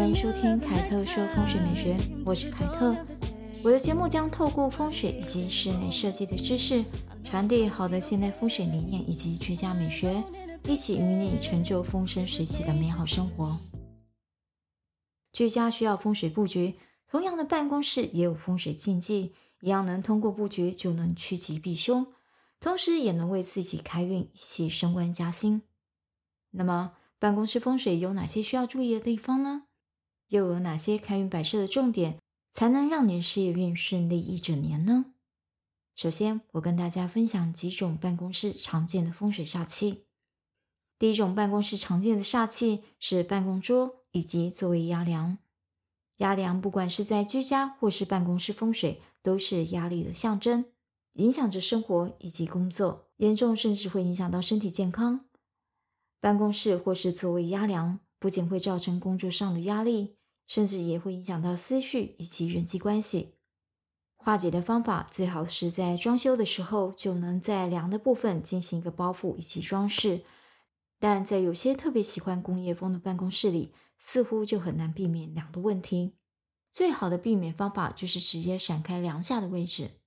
歡迎收聽凱特說風水美學，我是凱特。我的節目將透過風水以及室內設計的知識，傳遞好的現代風水理念以及居家美學，一起與你成就風生水起的美好生活。居家需要風水布局，同樣的辦公室也有風水禁忌，一樣能通過布局就能趨吉避凶，同時也能為自己開運以及升官加薪。那麼辦公室風水有哪些需要注意的地方呢？又有哪些開運擺設的重點，才能讓你事業運順利一整年呢？首先，我跟大家分享幾種辦公室常見的風水煞氣。第一種辦公室常見的煞氣是辦公桌以及座位壓梁。壓梁不管是在居家或是辦公室風水，都是壓力的象徵，影響着生活以及工作，嚴重甚至會影響到身體健康。辦公室或是座位壓梁，不僅會造成工作上的壓力。甚至也會影響到思緒以及人際關係。化解的方法最好是在裝修的時候就能在樑的部分進行一個包覆以及裝飾。但在有些特別喜歡工業風的辦公室裡，似乎就很難避免樑的問題。最好的避免方法就是直接閃開樑下的位置。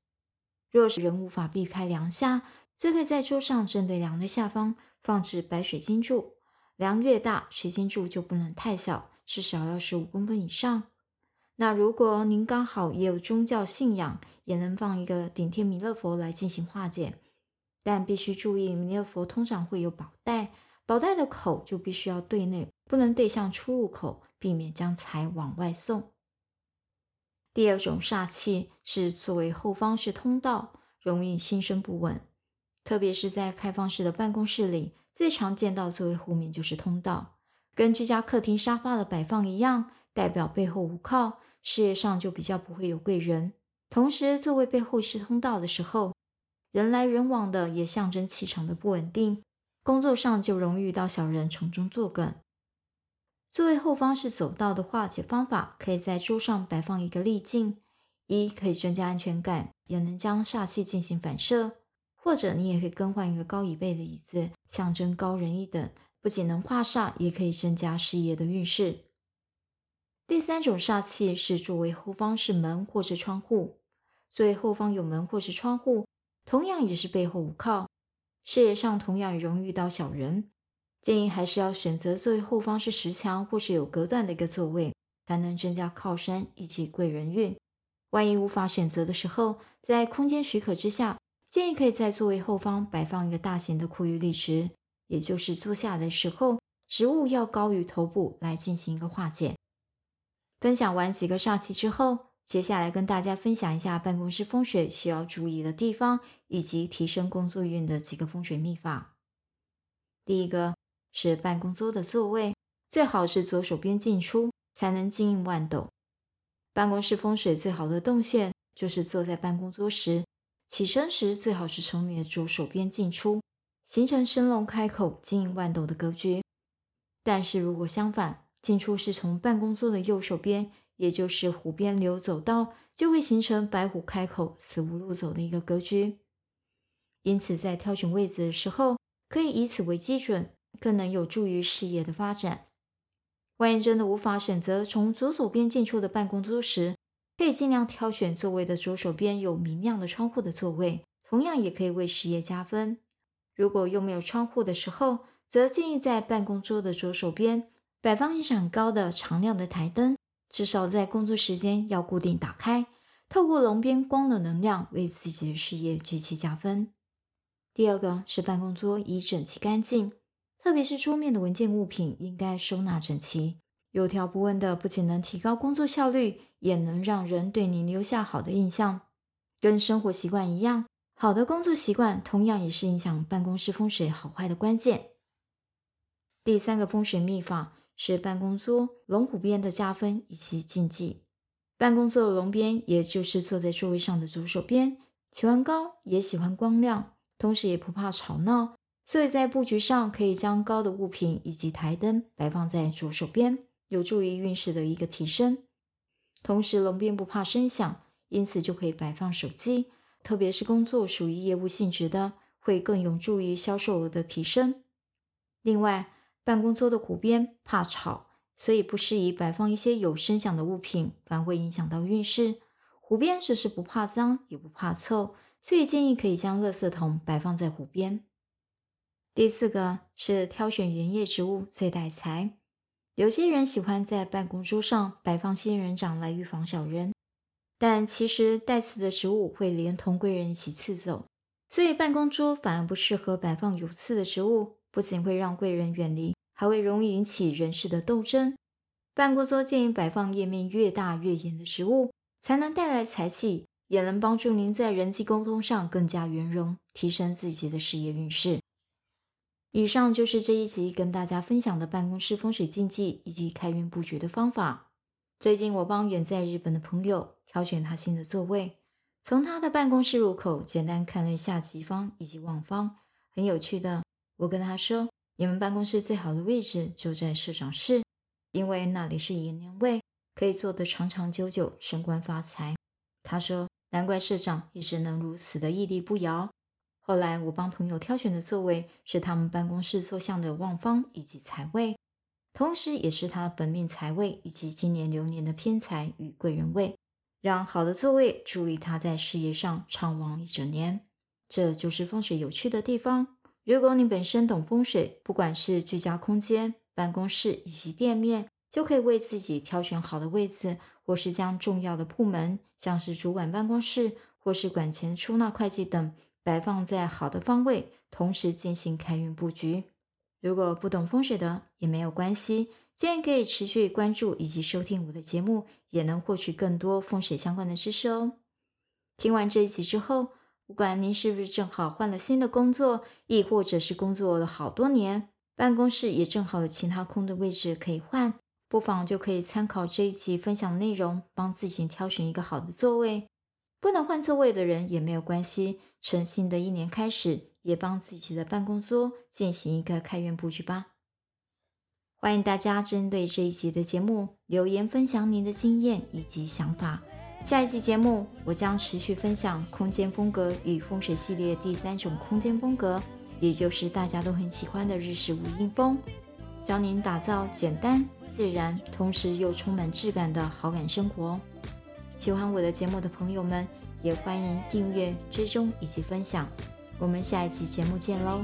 若是人無法避開樑下，可以在桌上正對樑的下方放置白水晶柱。樑越大，水晶柱就不能太小。至少要十五公分以上。那如果您剛好也有宗教信仰，也能放一個頂天彌勒佛來進行化解，但必須注意，彌勒佛通常會有寶袋，寶袋的口就必須要對內，不能對向出入口，避免將財往外送。第二種煞氣是座位後方是通道，容易心神不穩，特別是在開放式的辦公室裡，最常見到座位後面就是通道。跟居家客廳沙發的擺放一樣，代表背後無靠，事業上就比較不會有貴人。同時，座位背後是通道的時候，人來人往的也象徵氣場的不穩定，工作上就容易遇到小人從中作梗。座位後方是走道的化解方法，可以在桌上擺放一個立鏡，一可以增加安全感，也能將煞氣進行反射；或者你也可以更換一個高椅背的椅子，象徵高人一等。不僅能化煞，也可以增加事業的運勢。第三種煞氣是座位後方是門或者窗戶，座位後方有門或是窗戶，同樣也是背後無靠，事業上同樣也容易遇到小人。建議還是要選擇座位後方是石牆或是有隔斷的一個座位，才能增加靠山以及貴人運。萬一無法選擇的時候，在空間許可之下，建議可以在座位後方擺放一個大型的枯葉綠植。也就是坐下的時候，植物要高於頭部來進行一個化解。分享完幾個煞氣之後，接下來跟大家分享一下辦公室風水需要注意的地方，以及提升工作運的幾個風水秘法。第一個是辦公桌的座位，最好是左手邊進出，才能金運萬斗。辦公室風水最好的動線就是坐在辦公桌時，起身時最好是從你的左手邊進出。形成升龍開口，金銀萬斗的格局，但是如果相反，進出是從辦公桌的右手邊，也就是虎邊流走道，就會形成白虎開口，死無路走的一個格局。因此，在挑選位置的時候，可以以此為基準，更能有助於事業的發展。萬一真的無法選擇從左手邊進出的辦公桌時，可以盡量挑選座位的左手邊有明亮的窗戶的座位，同樣也可以為事業加分。如果又沒有窗戶的時候，則建議在辦公桌的左手邊擺放一盞高的常亮的台燈，至少在工作時間要固定打開，透過籠邊光的能量為自己的事業舉起加分。第二個是辦公桌宜整齊乾淨，特別是桌面的文件物品應該收納整齊、有條不紊的，不僅能提高工作效率，也能讓人對你留下好的印象，跟生活習慣一樣。好的工作習慣同樣也是影響辦公室風水好壞的關鍵。第三個風水秘法是辦公桌龍虎邊的加分以及禁忌。辦公桌的龍邊，也就是坐在座位上的左手邊，喜歡高，也喜歡光亮，同時也不怕吵鬧，所以在布局上可以將高的物品以及檯燈擺放在左手邊，有助於運勢的一個提升。同時，龍邊不怕聲響，因此就可以擺放手機。特別是工作屬於業務性質的，會更有助於銷售額的提升。另外，辦公桌的湖邊怕吵，所以不適宜擺放一些有聲響的物品，反而會影響到運勢。湖邊則是不怕髒也不怕臭，所以建議可以將垃圾桶擺放在湖邊。第四個是挑選圓葉植物最帶財。有些人喜歡在辦公桌上擺放仙人掌來預防小人。但其實帶刺的植物會連同貴人一起刺走，所以辦公桌反而不適合擺放有刺的植物，不僅會讓貴人遠離，還會容易引起人事的鬥爭。辦公桌建議擺放葉面越大越圓的植物，才能帶來財氣，也能幫助您在人際溝通上更加圓融，提升自己的事業運勢。以上就是這一集跟大家分享的辦公室風水禁忌以及開運布局的方法。最近我幫遠在日本的朋友挑選他新的座位，從他的辦公室入口簡單看了一下吉方以及旺方，很有趣的。我跟他說：“你們辦公室最好的位置就在社長室，因為那裡是延年位，可以坐得長長久久，升官發財。”他說：“難怪社長一直能如此的屹立不搖。”後來我幫朋友挑選的座位是他們辦公室坐向的旺方以及財位。同時，也是他本命財位以及今年流年的偏財與貴人位，讓好的座位助力他在事業上暢旺一整年。這就是風水有趣的地方。如果你本身懂風水，不管是居家空間、辦公室以及店面，就可以為自己挑選好的位置，或是將重要的部門，像是主管辦公室，或是管錢、出納、會計等，擺放在好的方位，同時進行開運布局。如果不懂風水的也沒有關係，建議可以持續關注以及收聽我的節目，也能獲取更多風水相關的知識哦。聽完這一集之後，不管您是不是正好換了新的工作，亦或者是工作了好多年，辦公室也正好有其他空的位置可以換，不妨就可以參考這一集分享的內容，幫自己挑選一個好的座位。不能換座位的人也沒有關係，從新的一年開始。也幫自己的辦公桌進行一個開運布局吧。歡迎大家針對這一集的節目留言分享您的經驗以及想法。下一集節目我將持續分享空間風格與風水系列第三種空間風格，也就是大家都很喜歡的日式無印風，教您打造簡單自然，同時又充滿質感的好感生活。喜歡我的節目的朋友們，也歡迎訂閱、追蹤以及分享。我們下一期節目見嘍。